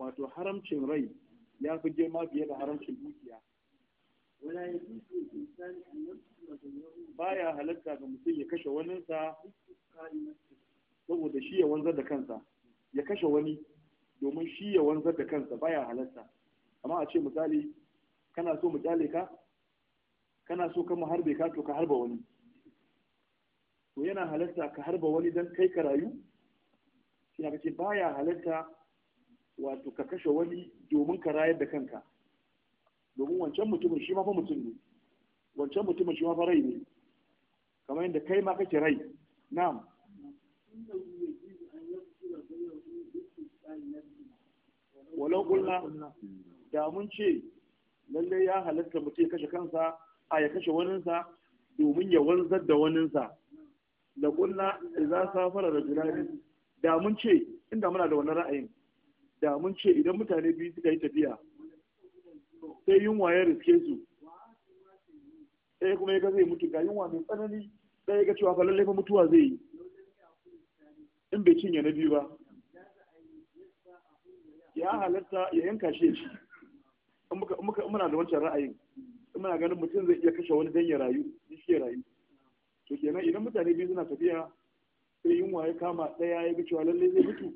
wato haramcin rai ya fi girma fiye da haramcin dukiya baya halatta ga mutum ya kashe waninsa saboda shi ya wanzar da kansa ya kashe wani domin shi ya wanzar da kansa baya halatta amma a ce misali kana so mu kyale ka kana so kama harbe ka to ka harba wani to yana halatta ka harba wani don kai ka rayu sai ka ce baya halatta wato ka kashe wani domin ka rayar da kanka domin wancan mutumin shi ma fa mutum ne wancan mutumin shi ma fa rai ne kamar yadda kai ma kake rai na'am walau kulna da mun ce lalle ya halatta mutum ya kashe kansa a ya kashe waninsa domin ya wanzar da waninsa da kulna za safara da da mun ce inda muna da wannan ra'ayin da mun ce idan mutane biyu suka yi tafiya sai yunwa ya riske su ɗaya kuma ya zai mutu ga yunwa mai tsanani ɗaya ga cewa fa lallai fa mutuwa zai yi in bai cinye na biyu ba ya halatta ya yanka shi shi muna da wancan ra'ayin muna ganin mutum zai iya kashe wani dan ya rayu shi ya rayu to kenan idan mutane biyu suna tafiya sai yunwa ya kama ɗaya ya ga cewa lallai zai mutu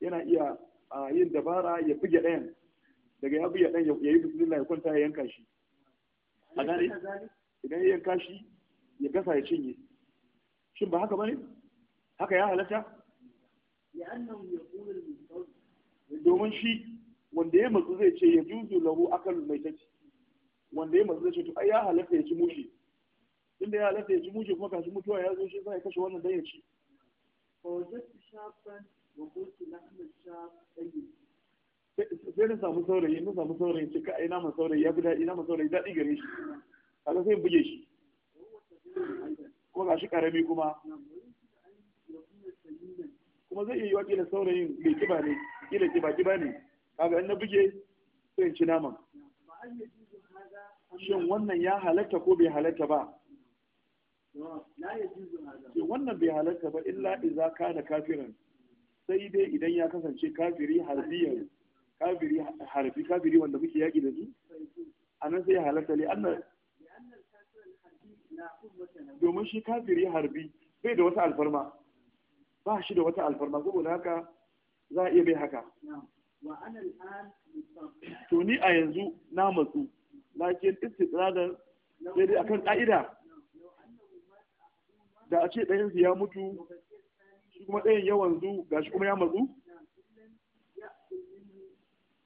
yana iya A yin dabara ya buge ɗayan daga ya buge ɗayan ya yi bismillah ya kwanta ya yanka shi a gane idan ya yanka shi ya gasa ya cinye shin ba haka bane haka ya halatta domin shi wanda ya matsu zai ce ya juzu lahu akan mai tafi. wanda ya matsu zai ce to ai ya halatta ya ci mushi inda ya halatta ya ci mushi kuma kashi mutuwa ya zo shi sai ya kashe wannan dan ya ci sai na samu saurayi na samu saurayi ce ka ina man saurayi ya fi daɗi na man saurayi daɗi gare shi kaga sai buge shi kuma ga shi ƙarami kuma kuma zai iya yi wakilin saurayin bai kiba ne kila kiba kiba ne kaga in na buge sai in ci naman shin wannan ya halatta ko bai halatta ba wannan bai halatta ba illa iza kana kafiran sai dai idan ya kasance kafiri harbiyar kafiri harbi kafiri wanda muke yaƙi da su a nan sai ya halatta ne annan domin shi kafiri harbi bai da wata alfarma ba shi da wata alfarma saboda haka za a iya bai haka to ni a yanzu na matsu lakin istitradar sai dai akan ka'ida da a ce ɗayansu ya mutu kuma ɗayan ya wanzu gashi kuma ya mazu?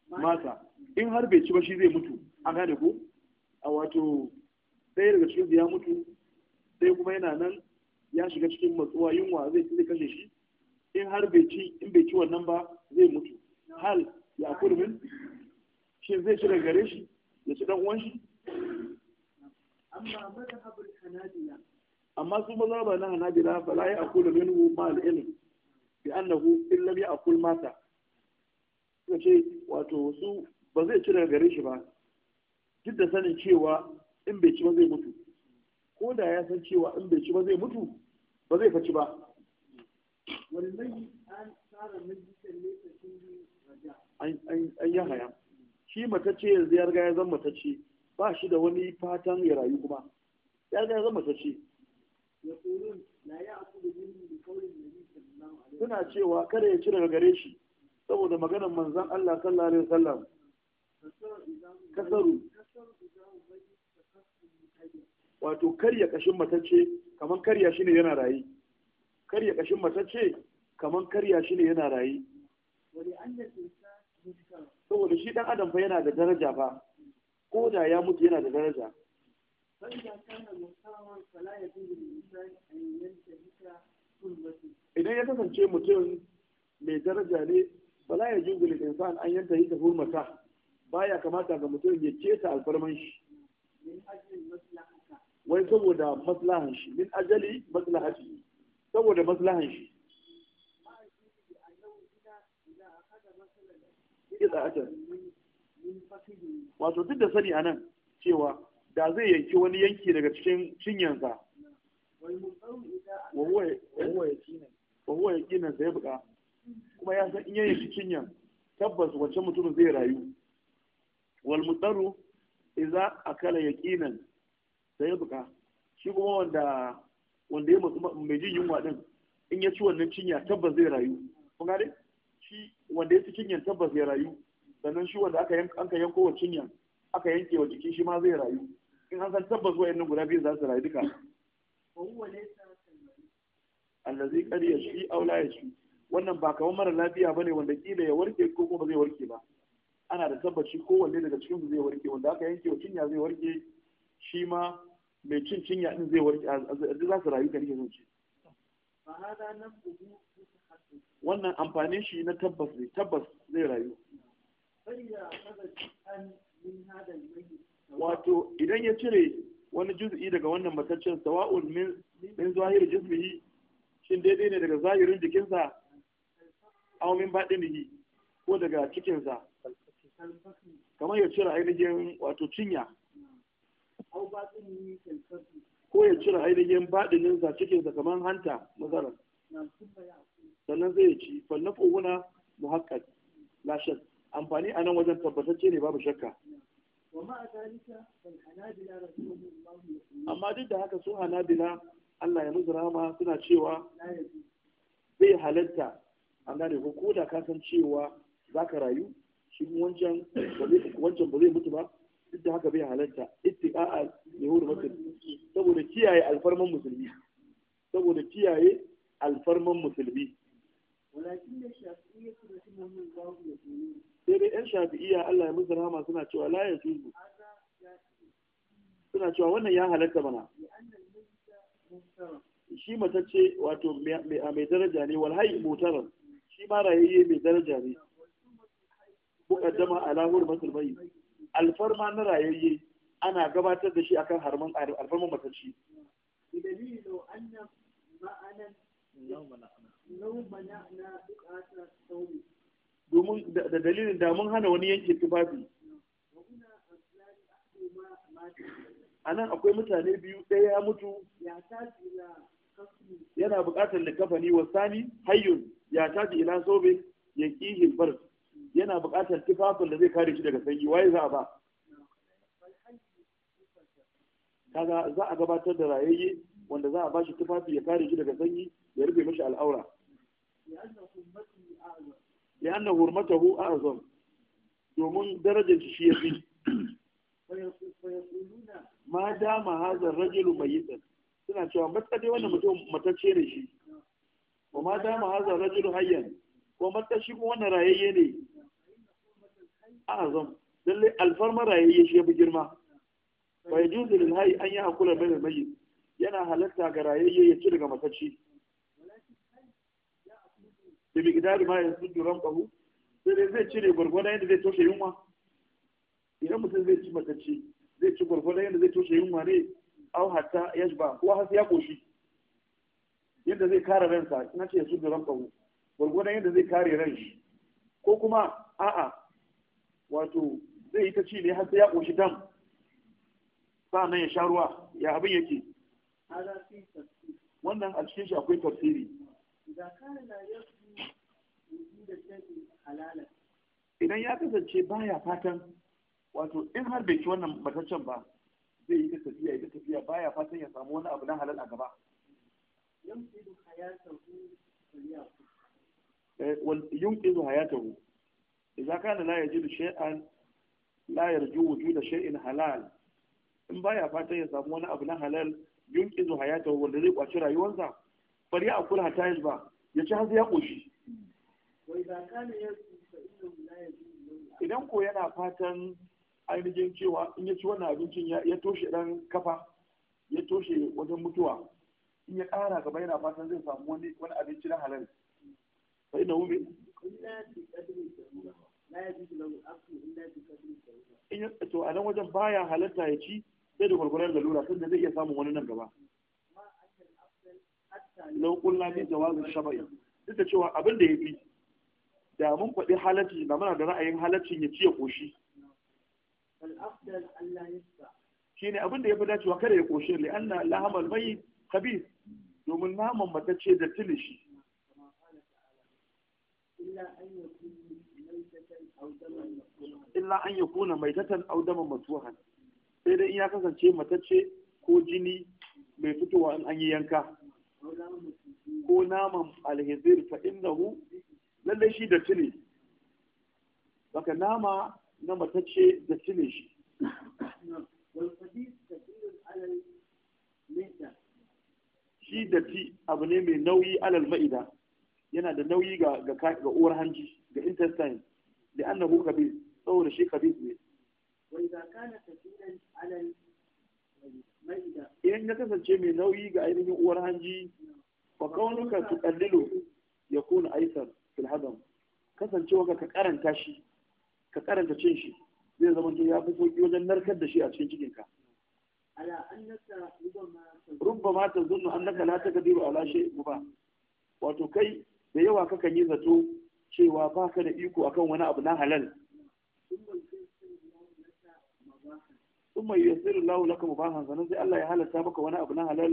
mata in har bai ci ba shi zai mutu A gane ku? a wato ɗaya daga cikin ya mutu sai kuma yana nan ya shiga cikin matsuwa yunwa zai ci zai kashe shi in har bai ci in bai ci wannan ba zai mutu hal ya kurmin shi zai ci daga gare shi ya ci dan uwan shi amma amma su maza ba na fa la ya akulu minhu ma al-ilm bi annahu in bi ya'kul mata suka ce wato su ba zai ci daga gare shi ba duk da sanin cewa in bai ci ba zai mutu ko da ya san cewa in bai ci ba zai mutu ba zai faci ba an yi haya shi matace yanzu ya riga ya zama matacce ba shi da wani fatan ya rayu kuma ya riga ya zama matacce suna cewa kada ya ci daga gare shi saboda maganar manzan Allah sallallahu alaihi wasallam kasaru wato karya kashin matacce kaman karya shine yana rayi karya kashin matacce kaman karya shine yana rayi saboda shi dan adam fa yana da daraja fa ko da ya mutu yana da daraja idan ya kasance mutum mai daraja ne bala ya jugu da insan an yanta yi ta hurmata ya kamata ga mutum ya ce ta alfarman shi wai saboda maslahan shi min ajali maslahan shi saboda maslahan shi wato duk da sani anan cewa da zai yanki wani yanki daga cikin cinyansa wa huwa yaqinan sai buka kuma ya san in ya yanki cinyan tabbas wancan mutumin zai rayu wal a kala akala nan, sai buka shi kuma wanda wanda ya mutu mai jin yunwa din in ya ci wannan cinya tabbas zai rayu kun gane shi wanda ya ci cinyan tabbas ya rayu sannan shi wanda aka yanko wa cinyan aka yanke wa jikin shi ma zai rayu in an san tabbas wayannan guda biyu za su rayu duka allazi karya shi, Aula ya shi wannan ba kamar mara lafiya bane wanda kila ya warke ko kuma zai warke ba ana da tabbaci wanne daga cikin zai warke wanda aka yanke wa cinya zai warke shi ma mai cin cinya din zai warke a za su rayu kan zuci wannan amfanin shi na tabbas ne tabbas zai rayu wato idan ya cire wani juz'i daga wannan mataccen sawa'un min zahiri jismihi shin daidai ne daga zahirin jikinsa aw min yi ko daga cikinsa kamar ya cire ainihin wato cinya ko ya cire ainihin baɗininsa cikinsa kamar hanta mazarar sannan zai ci fannan huna mu haƙƙa shak amfani a nan wajen tabbatacce ne babu shakka amma duk da haka su hanabila Allah ya musu rama suna cewa zai halatta an gane ko da ka san cewa za ka rayu shi wancan wancan ba zai mutu ba duk da haka bai halatta ittiqa'a li hurmatin saboda kiyaye alfarman musulmi saboda kiyaye alfarman musulmi ولكن yan shafi'iyya Allah ya musu rama suna cewa la ya zuzu suna cewa wannan ya halatta mana shi matacce wato mai daraja ne walhayi mutarar shi ma rayayye mai daraja ne muqaddama ala hurmatul bayt alfarma na rayayye ana gabatar da shi akan harman alfarman matacce dalilin annan ma'anan yawma na'ana domin da dalilin da mun hana wani yanke tufafi a nan akwai mutane biyu ɗaya ya mutu yana buƙatar likafani wa sani hayyun ya taji ila sobe ya ƙi hilbar yana buƙatar tufafin da zai kare shi daga sanyi waye za a ba kaga za a gabatar da rayayye wanda za a ba shi tufafi ya kare shi daga sanyi ya rufe mashi al'aura لأن هرمته أعظم domin darajar shi ya fi ma dama hazar rajulu suna cewa matsayi wannan mutum matacce ne shi wa ma dama hazar rajulu hayyan ko matsashi kuma wannan rayayye ne azam lalle alfarma rayayye shi ya fi girma fa yajuzu lil hayy an ya'kula min al mayyit yana halatta ga rayayye ya ci daga matacci bi miqdari ma yasuddu ƙahu sai dai zai cire gwargwadon yadda zai toshe yunwa idan mutum zai ci matacce zai ci gwargwadon yadda zai toshe yunwa ne au hatta ba ko har sai ya koshi yadda zai kare ransa ina ce yasuddu ƙahu gwargwadon yadda zai kare ran shi ko kuma a'a wato zai yi ta ci ne har sai ya koshi dam nan ya sha ruwa ya abin yake wannan a cikin shi akwai tafsiri idan ya kasance baya fatan wato in har bai ci wannan mataccen ba zai yi ta tafiya yi tafiya baya fatan ya samu wani abu na halal a gaba yunqizu hayatahu eh, idza kana la yajidu shay'an ju wuju da shay'in halal in baya fatan ya samu wani abu na halal hayata hu wanda zai kwaci rayuwarsa bari ya akula ta ba ya ci har ya koshi idan ko yana fatan ainihin cewa in ya ci wannan abincin ya toshe dan kafa ya toshe wajen mutuwa in ya ƙara gaba yana fatan zai samu wani wani abinci na halal fa ina wumi to a nan wajen baya halatta ya ci sai da gwargwaron lalura sun da zai iya samun wani nan gaba lau kulla ne jawazin shabai duk da cewa abin da ya fi da mun faɗi halacci da muna da ra'ayin halaccin ya ci ya koshi shi ne abin da ya fi dacewa kada ya koshi li anna lahamal mai kabi domin naman matacce da shi. illa an yi kuna mai tatan audaman sai dai in ya kasance matacce ko jini mai fitowa in an yi yanka ko naman alhizir fa innahu lallai shi da ne baka nama na matacce da ne shi shi da ti abu ne mai nauyi alal ma'ida yana da nauyi ga ga uwar hanji ga intestine da annahu kabir saboda shi kabir ne in ya kasance mai nauyi ga ainihin uwar hanji fa kaunuka tuqallilu yakun aisar filhadam kasancewa ka karanta shi ka karanta cin shi zai zama to ya fi sauki wajen narkar da shi a cikin cikinka rubba ma ta zunnu annaka la taqdiru ala shay'in ba wato kai da yawa kakan yi zato cewa ba ka da iko akan wani abu na halal ثم يسر الله لك مباحا sannan sai Allah ya halatta maka wani abu na halal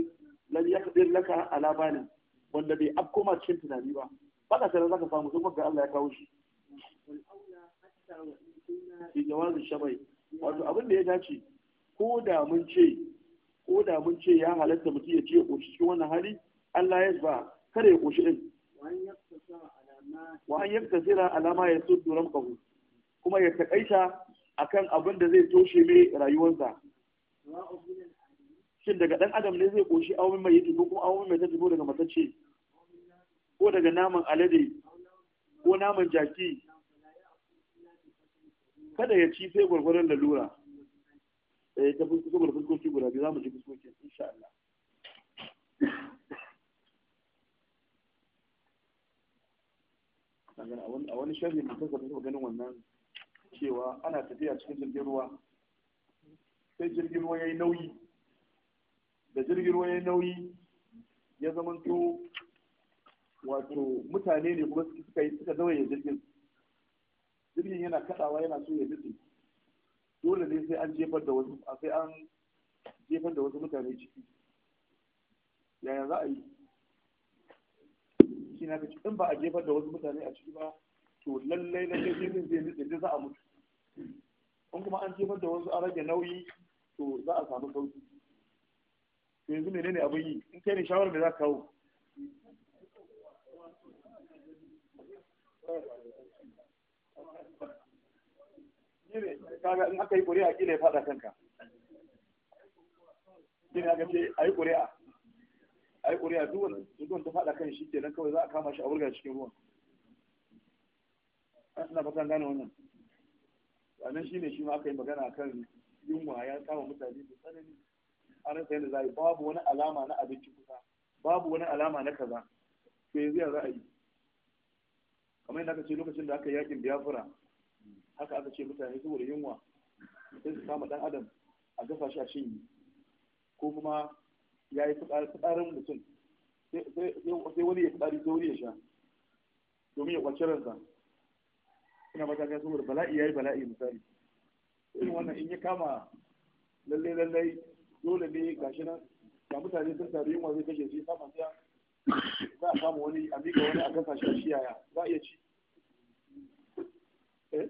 lan yaqdir laka ala balin wanda bai afkoma cikin tunani ba fada za ka samu duk ga Allah ya kawo shi fi jawazi shabai wato abin da ya dace ko da mun ce ko da mun ce ya halatta mutum ya ce ya ƙoshi cikin wannan hali Allah ya ba kada ya ƙoshi din wa an yaktasira alama ya turan ramqahu kuma ya taƙaita a kan abin da zai toshe mai rayuwarsa shin daga dan adam ne zai ƙoshi awon mai yake ko kuma awon mai ta tafi daga matacce ko daga naman alade ko naman jaki kada ya ci sai gwargwaron lalura eh ta fuskoki guda fuskoki guda biyu za mu ji fuskoki insha Allah a wani sharri mai kasa ta ganin wannan cewa ana tafiya cikin jirgin ruwa sai jirgin ruwa ya yi nauyi da jirgin ruwa ya yi nauyi ya to wato mutane ne kuma suka yi suka ya jirgin jirgin yana kadawa yana so ya jirgin dole ne sai an jefar da wasu sai an jefar da wasu mutane ciki yaya za a yi shi na kaci in ba a jefar da wasu mutane a ciki ba to lallai lallai jirgin zai nutse za a mutu in kuma an jefar da wasu a rage nauyi to za a samu sauki to yanzu menene abin yi in kai ne shawarar da za ka kawo kaga in aka yi ƙuri'a kila ya faɗa kanka shine aka ce a yi ƙuri'a a yi ƙuri'a duk wanda ta faɗa kan shi kenan kawai za a kama shi a wurga cikin ruwan an suna fatan gane wannan Wannan shi ne shi ma aka yi magana kan yunwa ya kama mutane da tsanani an rasa yadda za a yi babu wani alama na abinci kusa babu wani alama na kaza to yanzu ya za a yi kamar yadda aka ce lokacin da aka yi yakin biyafura haka aka ce mutane saboda yunwa sai su kama dan adam a gasa shi a shinyi ko kuma ya yi fitsarin mutum sai wani ya fitsari sai wani ya sha domin ya kwanci ransa ina ba ta kai saboda bala'i ya yi bala'i misali irin wannan in ya kama lalle lalle dole ne gashi nan ga mutane sun taru yunwa zai kashe shi sama sai za a samu wani a miƙa wani a gasa shi a shiyaya za a iya ci Eh?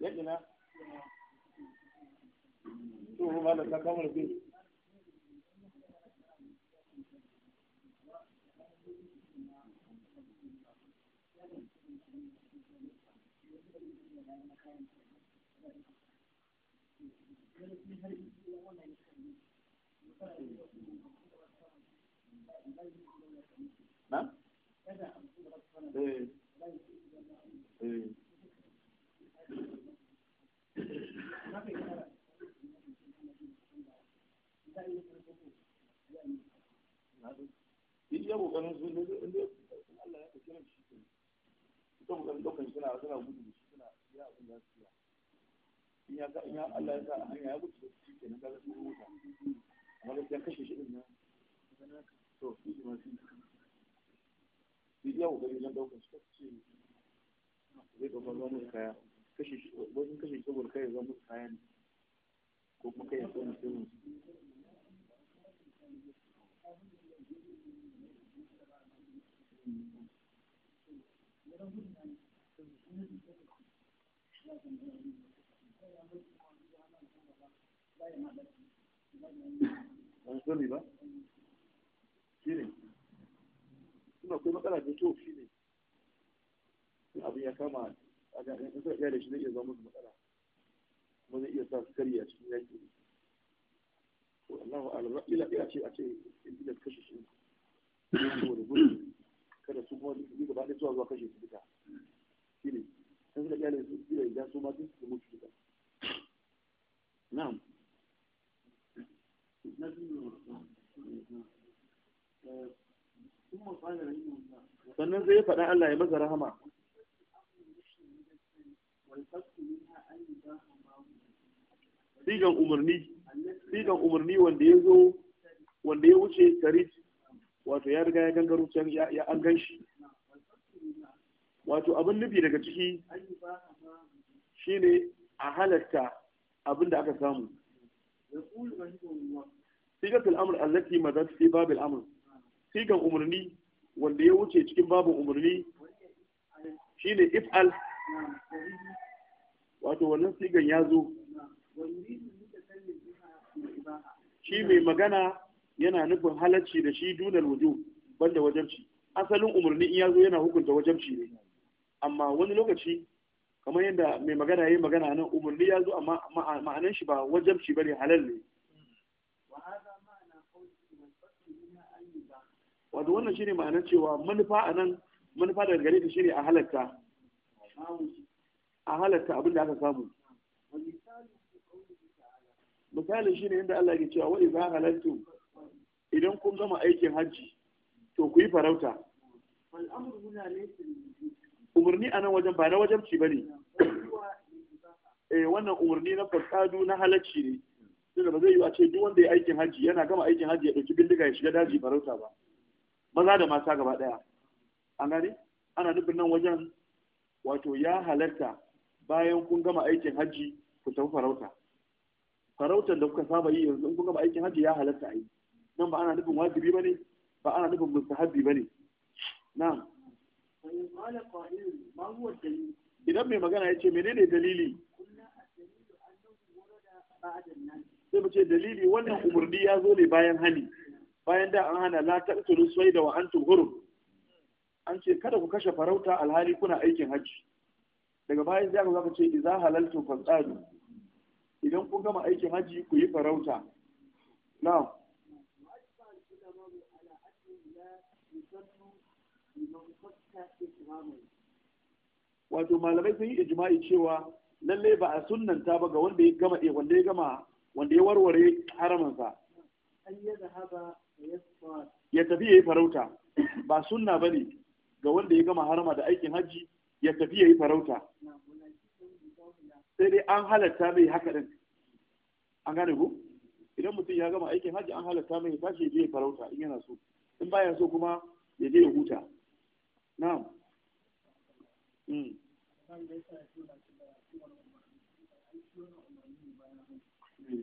ya ina to ta kama Huh? iya kokarin su ne inda Allah ya ke da ya abin da su sa a hanya ya gudu da shi ke nan kaga sun huta amma gaskiya kashe shi din nan to shi ma shi su zai zama kaya kashe shi wajen kashe shi saboda kai zama kaya ne ko kuma kai ya tsoni sirrin su. ba? suna akwai matsala da to shi ne abin ya kama a ga in suka da shi zai iya zama musu matsala kuma zai iya sa su karya cikin yaƙi to Allahu a'lam ila ila ce a ce in da kashe shi saboda gudu kada su kuma su gaba da zuwa zuwa kashe su duka shi ne sun suka iya da su iya da su ma su su mutu duka na'am na biyu sannan zai faɗa Allah ya masa rahama sigan umarni sigan umarni wanda ya zo wanda ya wuce tarif wato ya riga ya gangaro can ya an gan shi wato abin nufi daga ciki shine a halatta abin da aka samu sigatul amr allati madat fi babu al'amur. sigan umarni wanda ya wuce cikin babin umarni shine if'al wato wannan sigan ya zo shi mai magana yana nufin halarci da shi dunar wujo banda wajenci asalin umarni in ya zo yana hukunta wajenci ne amma wani lokaci kamar yadda mai magana ya yi magana nan umarni ya zo amma ma'anan shi ba ba ne halal ne wato wannan shine ma'anar cewa manufa a nan manufa daga gare ta ne a halatta a halatta abin da aka samu misali shine inda Allah ke cewa a halaltu idan kun gama aikin hajji to ku yi farauta umarni a nan wajen ba na wajen ci ba ne eh wannan umarni na fasadu na halacci ne tunda ba zai yi a ce duk wanda ya aikin hajji yana gama aikin hajji ya ɗauki bindiga ya shiga daji farauta ba maza da mata gaba daya an gani ana nufin nan wajen wato ya halarta bayan kun gama aikin hajji ku tafi farauta farautar da kuka saba yi yanzu kun gama aikin hajji ya halarta a yi nan ba ana nufin wajibi ba ne ba ana nufin mustahabi ba ne na'am idan mai magana ya ce menene dalili sai mu ce dalili wannan umarni ya zo ne bayan hani bayan da an hana la taqtulu sayda wa antum hurum an ce kada ku kashe farauta alhali kuna aikin haji. daga bayan za aka ce idza halaltu fasadu idan kun gama aikin haji, ku yi farauta na'am wato malamai sun yi ijma'i cewa lalle ba a sunnanta ba ga wanda ya gama wanda ya gama wanda ya warware haramansa an yi zahaba ya tafi ya yi farauta ba sunna ba ne ga wanda ya gama harama da aikin hajji ya tafi ya yi farauta sai dai an halatta mai haka ɗin an gane ku idan mutum ya gama aikin hajji an halatta mai tashi ya je ya farauta in yana so in baya so kuma ya je ya huta na'am you. Hmm. Hmm.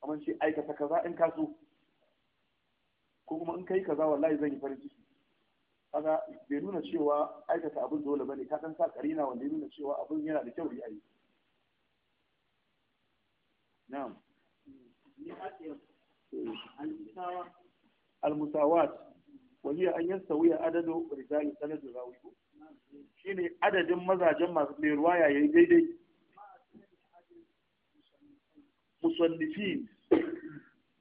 kamar ce aikata kaza in ka so ko kuma in kai kaza wallahi zan yi farin ciki kaga bai nuna cewa aikata abin dole bane ka dan sa karina wanda ya nuna cewa abin yana da kyau da yayi na'am al-musawat wani an yastawiya adadu rijali sanad rawi shine adadin mazajen masu mai yayi daidai musannifin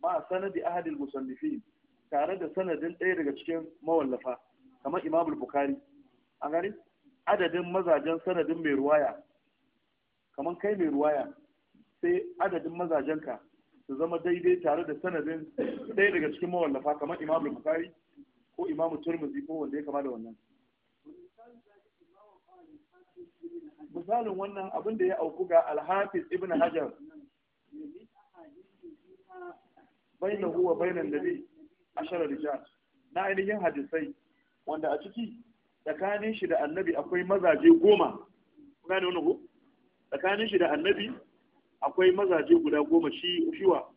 ma sanadi ahadil musannifin tare da sanadin ɗaya daga cikin mawallafa kamar imamul bukari A gani adadin mazajen sanadin mai ruwaya kamar kai mai ruwaya sai adadin mazajenka su zama daidai tare da sanadin ɗaya daga cikin mawallafa kamar imamul bukari ko imamu turmuzi ko wanda ya kama da wannan misalin wannan abin da ya auku ga alhafiz ibn hajar baina huwa bainan nabi ashara rijal na ainihin hadisai wanda a ciki tsakanin shi da annabi akwai mazaje goma gane wani ko tsakanin shi da annabi akwai mazaje guda goma shi shiwa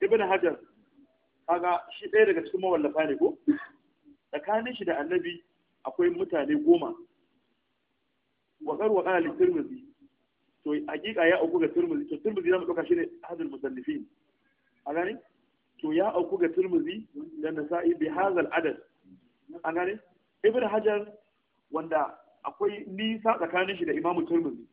ibn hajar kaga shi ɗaya daga cikin mawallafa ne ko tsakanin shi da annabi akwai mutane goma wakar wakar al-tirmidhi to hakika ya auku ga turmuzi to turmuzi zamu dauka shine hadal musallifin a gani to ya auku ga turmuzi da nasa'i bi hadal adad a gani ibn hajar wanda akwai nisa tsakanin shi da imamu turmuzi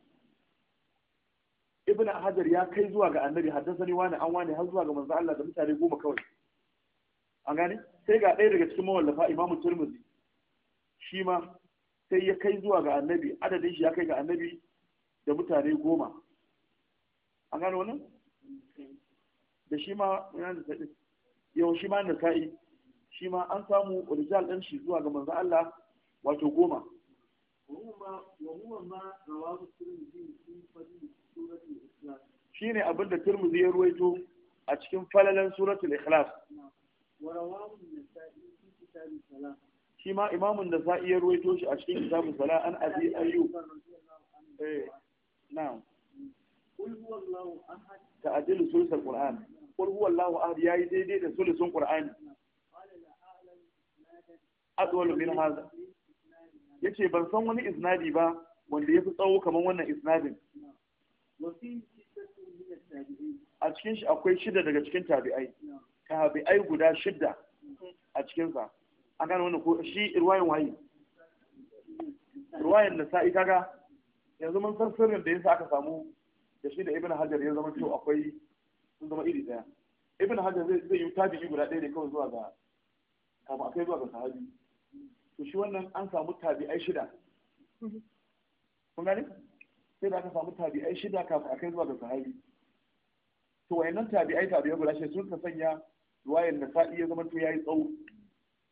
ibn hajar ya kai zuwa ga annabi haddasani wani an wani har zuwa ga manzo Allah da mutane goma kawai a gani sai ga ɗaya daga cikin mawallafa imamu turmuzi shi ma sai ya kai zuwa ga annabi adadin shi ya kai ga annabi da mutane goma an gano wannan da shi ma yau shi ma da sa'i shi ma an samu rijal ɗan shi zuwa ga manzo Allah wato goma shi ne abin da turmuzi ya ruwaito a cikin falalan suratul ikhlas shi ma imamun da sa'i ya ruwaito shi a cikin kitabun sala an abi ayyu eh. na'am kul ahad yayi daidai da sulusun qur'ani yace ban san wani isnadi ba wanda yafi tsawo kamar wannan isnadin a cikin shi akwai shida daga cikin tabi'ai tabi'ai guda shida a cikin sa an gane wani ko shi irwayin waye irwayin sa'i kaga yanzu mun san sirrin da yasa aka samu da shi da ibn hajar ya zama cewa akwai sun zama iri daya ibn hajar zai zai yi tabi'i guda ɗaya ne kawai zuwa ga a akai zuwa ga sahabi to shi wannan an samu tabi'ai shida kun gane sai da aka samu tabi'ai shida a akai zuwa ga sahabi to ai tabi'ai ya guda shi sun ka sanya ruwayan nasa'i ya zama to yayi tsawo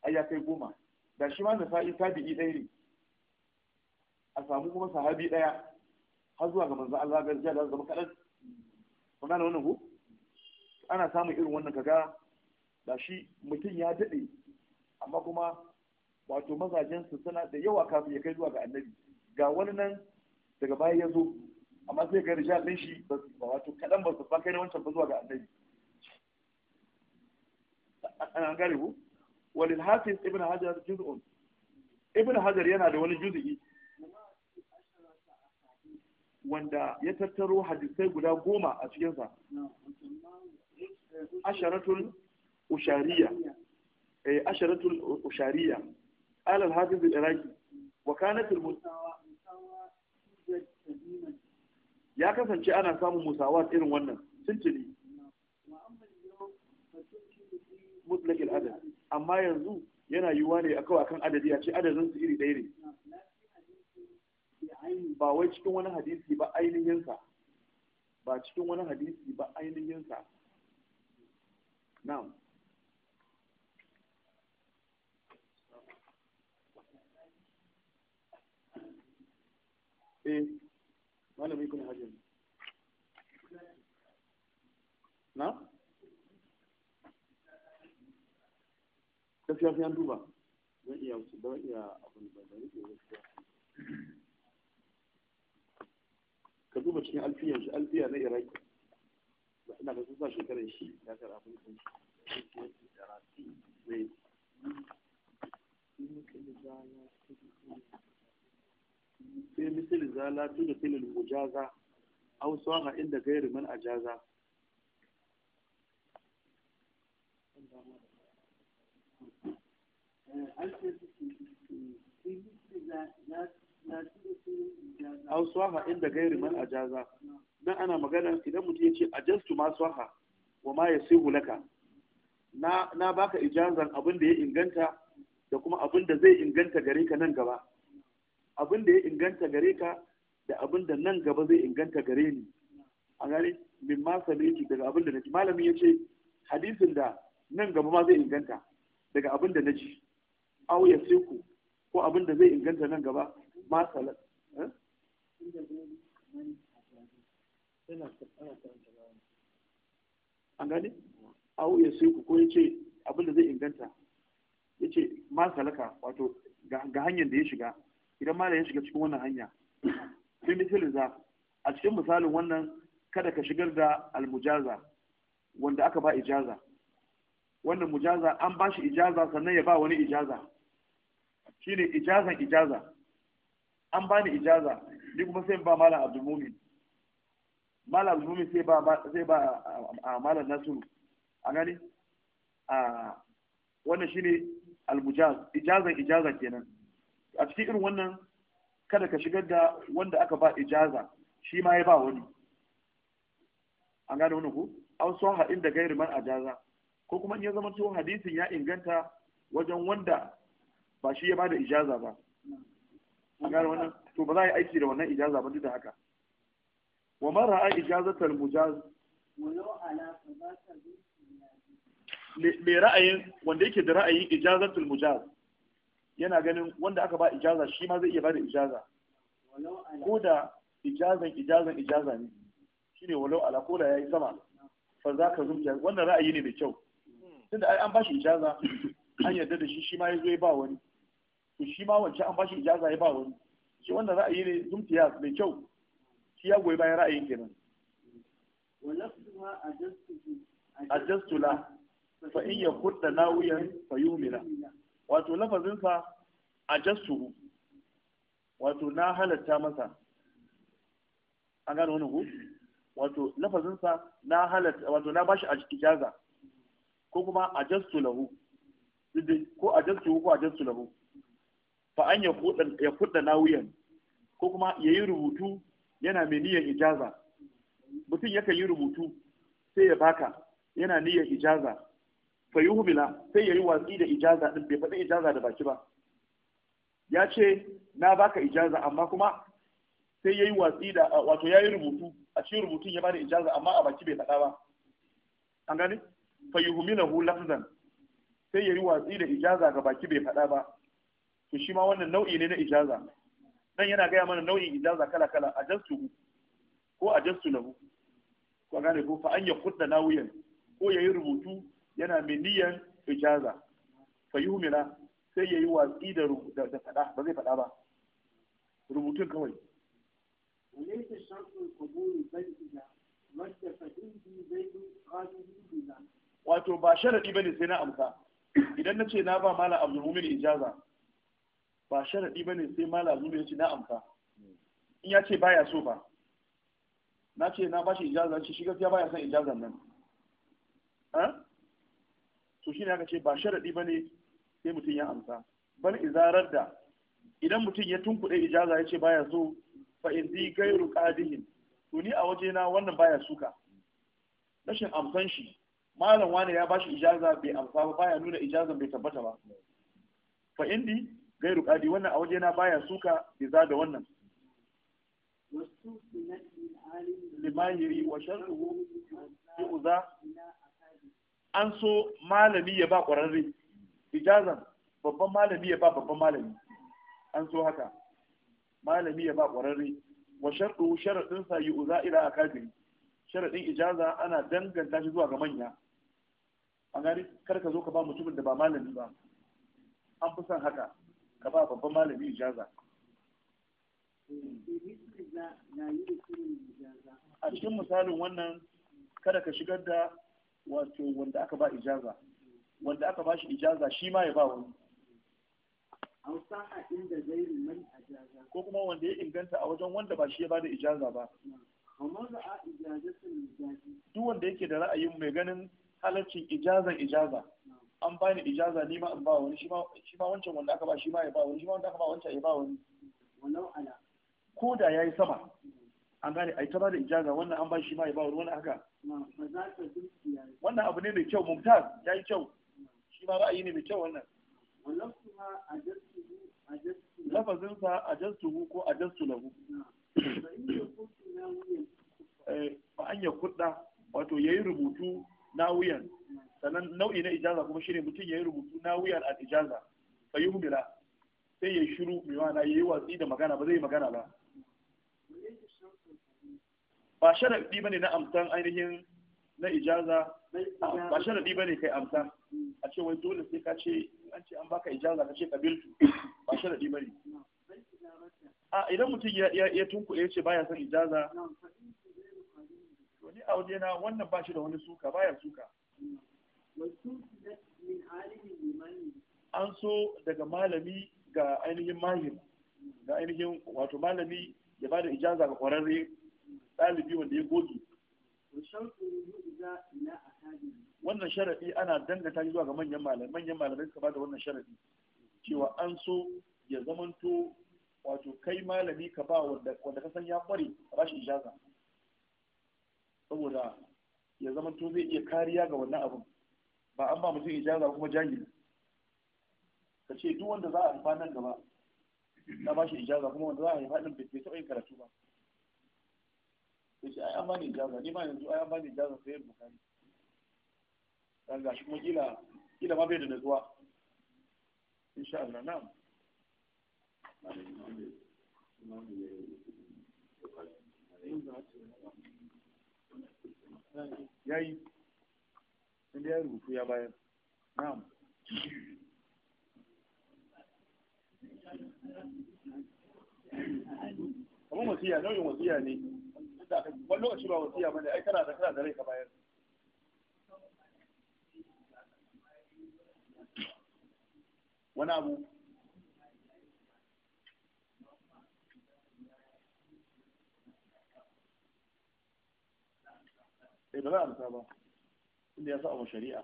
ai ya kai goma da shi ma nasa'i tabi'i ɗaya ne a samu kuma sahabi ɗaya har zuwa ga manzo Allah gaskiya da zama kaɗan kuma gane wannan ku ana samun irin wannan kaga da shi mutum ya daɗe amma kuma wato mazajen su suna da yawa kafin ya kai zuwa ga annabi ga wani nan daga baya ya zo amma sai ga rijal din shi ba wato kaɗan ba su fa kai wancan ba zuwa ga annabi an gane ku walil hafiz ibn hajar juz'un ibn hajar yana da wani juz'i wanda ya tattaro hadisai guda goma a cikinsa asharatul ushariya eh asharatul ushariya قال الحافظ العراقي وكانت المساواة ya kasance ana samun musawa irin wannan tuntuni Mutlakil adad amma yanzu yana yiwuwa ne a akan adadi a ce adadin su iri ɗaya ne ba wai cikin wani hadisi ba ainihinsa ba cikin wani hadisi ba ainihinsa na'am eh malamin kuma hajar na gaskiya sai duba zan iya don iya abin da zan iya wuce ka duba cikin alfiyan shi alfiya na iraki ba ina ga zuwa shekarar shi ya kara abin sun ne sai misali zala tun da filin mujaza au sawa inda gairi man ajaza alfiya suke sai misali aw swaha inda gairi man ajaza nan ana magana idan mutum ya ce ajastu ma swaha wa ma yasihu laka na na baka ijazan abin da ya inganta da kuma abin da zai inganta gare ka nan gaba abin da ya inganta gare ka da abin da nan gaba zai inganta gare ni a gane min ma sabiki daga abin da naji malamin ya ce hadisin da nan gaba ma zai inganta daga abin da naji aw yasiku ko abin da zai inganta nan gaba masala. Eh? an gani awu ya sai ku ko ya ce abin da zai inganta ya ce masalaka wato ga hanyar da ya shiga idan ma ya shiga cikin wannan hanya fi misali za a cikin misalin wannan kada ka shigar da almujaza wanda aka ba ijaza wannan mujaza an ba shi ijaza sannan ya ba wani ijaza shine ijazan ijaza an bani ijaza ni kuma sai ba malam abdulmumin malam abdulmumin sai ba sai ba a malam nasiru a gani a wannan shine almujaz ijazan ijaza kenan a cikin irin wannan kada ka shigar da wanda aka ba ijaza shi ma ya ba wani an gane wani ku an so haɗin da gairi man ajaza ko kuma in ya zama to hadisin ya inganta wajen wanda ba shi ya bada ijaza ba a gane wannan to ba za a yi aiki da wannan ijaza ba duk da haka wa mara a ijazatar mujaz mai ra'ayin wanda yake da ra'ayin ijazatul mujaz yana ganin wanda aka ba ijaza shi ma zai iya bada ijaza ko da ijazan ijazan ijaza ne shine walau ala ko da ya yi sama fa za ka zumta wannan ra'ayi ne mai kyau tunda an ba shi ijaza an yarda da shi shi ma zo ya ba wani to shi ma wancan an bashi ijaza ya ba wani shi wannan ra'ayi ne zumtiyas mai kyau shi ya goyi bayan ra'ayin kenan A jastula fa in ya kudda nawiyan fa yumila wato lafazin sa ajastu wato na halatta masa an gano wani ku wato lafazin sa na halatta wato na bashi a ijaza ko kuma ajastu lahu ko a ajastu ko ajastu lahu fa an ya kudda nawiyan ko kuma ya yi rubutu yana mai niyyar ijaza mutum yakan yi rubutu sai ya baka yana niyyar ijaza fa yi hubila sai ya yi watsi da ijaza din bai faɗi ijaza da baki ba ya ce na baka ijaza amma kuma sai ya yi watsi da wato ya yi rubutu a cikin rubutun ya bada ijaza amma a baki bai faɗa ba an gani fa yi hubila hu lafzan sai ya yi watsi da ijaza ga baki bai faɗa ba to shi ma wannan nau'i ne na ijaza nan yana gaya mana nau'in ijaza kala kala ajastu ko ajastu lahu ko gane ko fa an ya kudda nawiyan ko yayi rubutu yana mai niyan ijaza fa yumila sai yayi watsi da da fada ba zai fada ba rubutun kawai wato ba sharadi bane sai na amsa idan na ce na ba mala abdul mumin ijaza ba sharaɗi ba ne sai mala zuwa ya ce na amsa in ya ce baya so ba na ce na bashi ijaza ce shi gaskiya baya son ijazan nan eh? to shi ne aka ce ba sharaɗi ba ne sai mutum ya amsa bal izarar da idan mutum ya tunkuɗe ijaza ya ce baya so fa zi gairu ƙadihin to ni a waje na wannan baya suka rashin amsan shi malam wani ya ba shi ijaza bai amsa ba baya nuna ijazan bai tabbata ba fa indi gairu kadi wannan a waje na baya suka biza da wannan limahiri wa shar'uhu yu'za an so malami ya ba ƙwararre ijazan babban malami ya ba babban malami an so haka malami ya ba ƙwararre wa sharɗu sharaɗin sa yi uza ila akadiri sharaɗin ijaza ana danganta shi zuwa ga manya an gani kar ka zo ka ba mutumin da ba malami ba an fi son haka ka ba babban malami ijaza a cikin misalin wannan kada ka shigar da wato wanda aka ba ijaza wanda aka ba shi ijaza shi ma ya ba wani ko kuma wanda ya inganta a wajen wanda ba shi ya bada ijaza ba duk wanda yake da ra'ayin mai ganin halarci ijazan ijaza an bani ijaza ni ma in ba wani shi ma wancan wanda aka ba shi ma ya ba wani shi ma wanda aka ba wancan ya ba wani ko da ya yi sama an gane ai ta ba da ijaza wannan an ba shi ma ya ba wani wani haka wannan abu ne mai kyau mumtaz yi kyau shi ma ra'ayi ne mai kyau wannan lafazin sa hu ko a ajastu lahu ba an yi kudda wato yi rubutu nawiyan sannan nau'i na ijaza kuma shine mutum ya yi rubutu nawiyan al ijaza fa yuhmila sai ya shiru mai mana yi watsi da magana ba zai magana ba ba sharadi bane na amsan ainihin na ijaza ba sharadi bane kai amsa a ce wai dole sai ka ce an ce an baka ijaza ka ce kabiltu ba sharadi bane a idan mutum ya ya tunku ya ce baya son ijaza ni a na wannan ba shi da wani suka baya suka an so daga malami ga ainihin mahim ga ainihin wato malami ya ba da ijaza ga kwararre ɗalibi wanda ya goge wannan sharaɗi ana dangata zuwa ga manyan malamai manyan malamai suka ba da wannan sharaɗi cewa an so ya zamanto wato kai malami ka ba wanda ka san ya kware ka ba shi ijaza saboda ya zama to zai iya kariya ga wannan abin ba an ba mutum ijaza kuma jahili ka ce duk wanda za a haifa nan gaba na ba shi ijaza kuma wanda za a haifa din bai taɓa yin karatu ba ya ce ai an ba ni ijaza ni ma yanzu ai an ba ni ijaza sai yin bukari dan ga shi kuma kila kila ma bai da nutsuwa insha Allah na'am Thank you. ya yi inda ya rubutu ya bayar na'am kamar wasiya nau'in wasiya ne wani lokaci ba wasiya bane ai kana da kana da rai ka bayar wani abu sai eh, ba za a rasa ba inda ya saba shari'a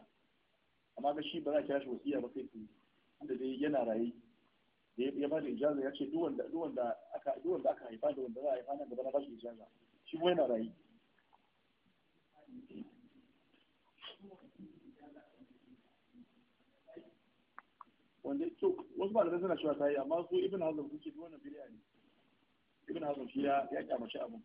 amma ga shi ba za a kira shi wasiya ba sai su inda dai yana raye ya ba da ijaza ya ce duk wanda aka haifa da wanda za a haifa nan gaba na ba shi ijaza shi kuma yana raye wanda to wasu zai suna cewa ta yi amma su ibn hazm sun ce duk ne ibn hazm shi ya kyamashi kyamace abin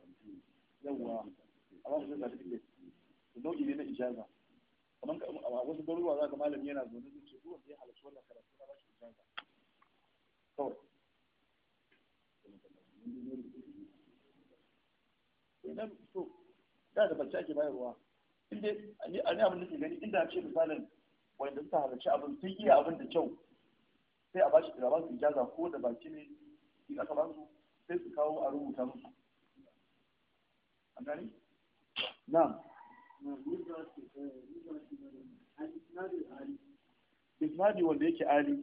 yawwa a ba su da certificate nau'i ne na ijaza kamar a wasu garuruwa za ka malami yana zaune zai ce duk wanda ya halarci wannan karatu na ba shi ijaza kawai idan so da da bacci ake bayarwa inda a ne abin da ke gani inda ce misalin wanda suka halarci abin sun iya abin da kyau sai a ba shi da ba ijaza ko da baki ne in aka ba su sai su kawo a rubuta musu gani wanda yake ali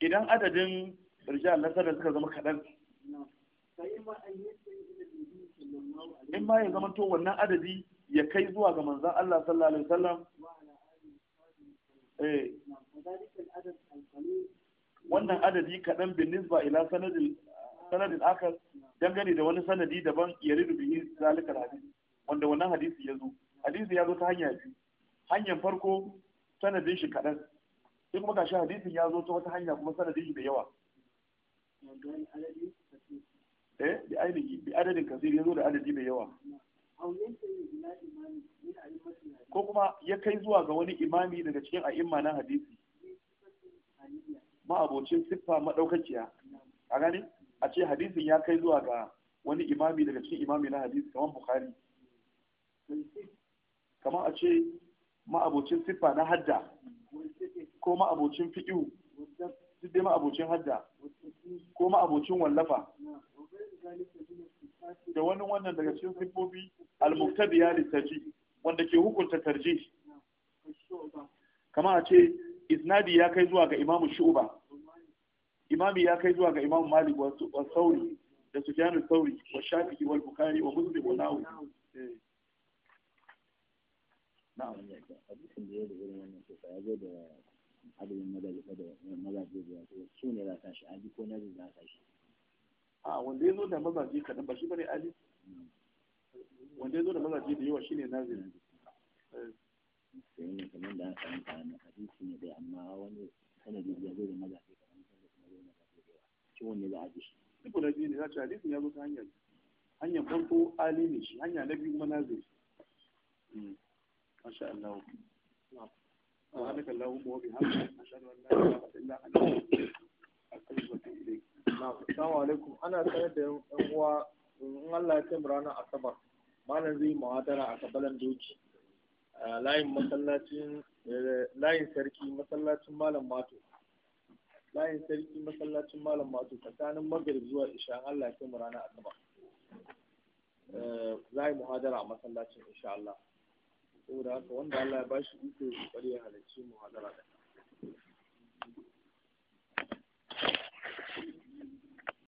idan adadin rijal na sanar suka zama kaɗan in ma ya zama to wannan adadi ya kai zuwa ga manzan Allah sallallahu alaihi wasallam eh, wannan adadi kaɗan bin nisba ila sanadin sanadin akar dangane da wani sanadi daban ya ridu bihi zalika hadisi wanda wannan hadisi ya zo hadisi ya zo ta hanya biyu hanyar farko sanadin shi kaɗan sai kuma gashi hadisin ya zo ta wata hanya kuma sanadin shi da yawa eh bi ainihi bi adadin kasir ya zo da adadi da yawa ko kuma ya kai zuwa ga wani imami daga cikin a'imma na hadisi abocin siffa madaukakiya a gani a ce hadisin ya kai zuwa ga wani imami daga cikin imami na hadisi kamar bukhari kamar a ce ma'abocin siffa na hadda ko ma'abocin fi'u duk dai ma'abocin hadda ko ma'abocin wallafa da wani wannan daga cikin siffofi al ya littaji wanda ke hukunta tarji. kamar a ce isnadi ya kai zuwa ga imamu Shu'uba. imami ya kai zuwa ga imam malik wa sauri da sufyanu sauri wa shafi wa bukari wa muslim wa mazaje da su ne za ta shi aji ko nazi za ta shi a wanda ya zo da mazaje kaɗan ba shi bane aji wanda ya zo da mazaje da yawa nazi eh. ne kamar da aka yi hadisi ne dai amma wani sanadi ya zo da mazaje cikin wanne za a ji duk na biyu ne za ta hadisin ya zo ta hanyar hanyar farko ali ne shi hanya na biyu manazir hmm. masha Allah سبحانك اللهم وبحمدك أشهد in Allah ya ce eh, layin masallacin eh, layin sarki masallacin malam mato bayan sarki masallacin malam masu tsakanin magrib zuwa isha Allah ya mu rana asabar eh, za a yi muhadara a masallacin insha Allah saboda haka wanda Allah ya bashi iko ya kware ya halarci muhadara da